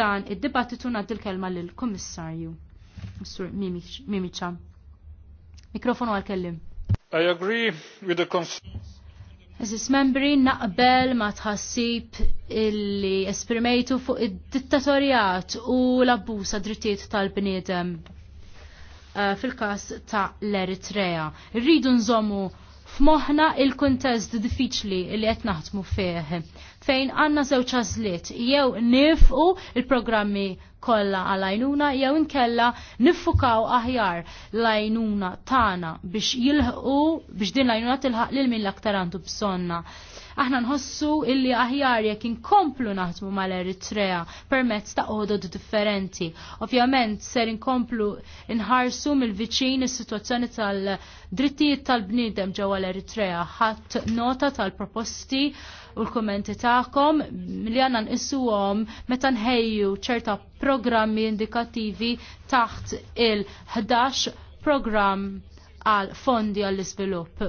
dan id-dibattitu nad il-kelma lill komissarju Mr. Mimicha. Mikrofonu għal-kellim. I agree with the Eżis membri naqbel ma tħassib illi esprimejtu fuq id-dittatorjat u l-abbuż drittijiet tal-bniedem uh, fil-kas ta' l-Eritrea. Rridu nżommu f'moħna il-kuntest diffiċli li qed naħdmu fih fejn għanna żewġ għażliet jew nifqu il-programmi Kolla għal-għajnuna jew inkella niffukaw aħjar l-għajnuna tagħna biex jilħqu biex din lajnuna għajnuna tilħaq lil min l-aktar għandu bżonna. Aħna nħossu illi aħjar jekk inkomplu naħdmu mal-Eritrea permezz ta' għodod differenti. Ovvjament ser inkomplu inħarsu mill-viċin is-sitwazzjoni tal-drittijiet tal-bniedem ġewwa l-Eritrea. Ħadd nota tal-proposti u l-kommenti tagħkom li għanna nqissuhom meta nħejju ċerta programmi indikattivi taħt il-11 program għal fondi għall iżvilupp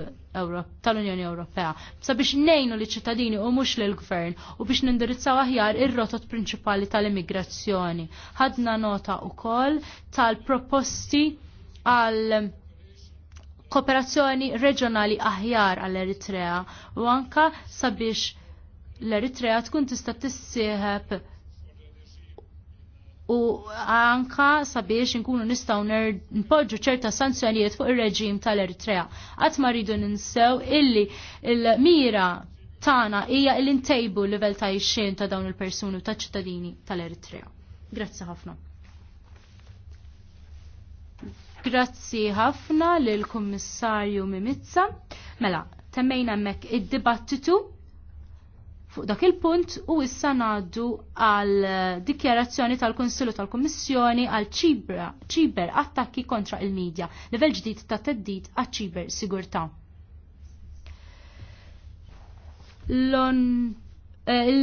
tal-Unjoni Ewropea sabiex nejnu li ċittadini u mux l gvern u biex nindirizzaw aħjar ir-rotot prinċipali tal-immigrazzjoni. Ħadna nota u koll tal-proposti għal kooperazzjoni reġjonali aħjar għall eritrea u anka sabiex l-Eritrea tkun tista' tissieħeb u anka sabiex nkunu nistaw nipoġġu ċerta sanzjonijiet fuq ir-reġim tal-Eritrea. Qatt ma rridu ninsew illi l-mira tagħna hija l-intejbu livell ta' ixxin ta' dawn il-persuni u ta' ċittadini tal-Eritrea. Grazzi ħafna. Grazzi ħafna lill kummissarju Mimizza. Mela, temmejna hemmhekk id-dibattitu fuq dak il-punt u issa ngħaddu għal dikjarazzjoni tal-Konsilu tal-Kummissjoni għal ċiber attakki kontra il-medja, livell ġdid ta' teddit għal ċiber sigurtà. Eh,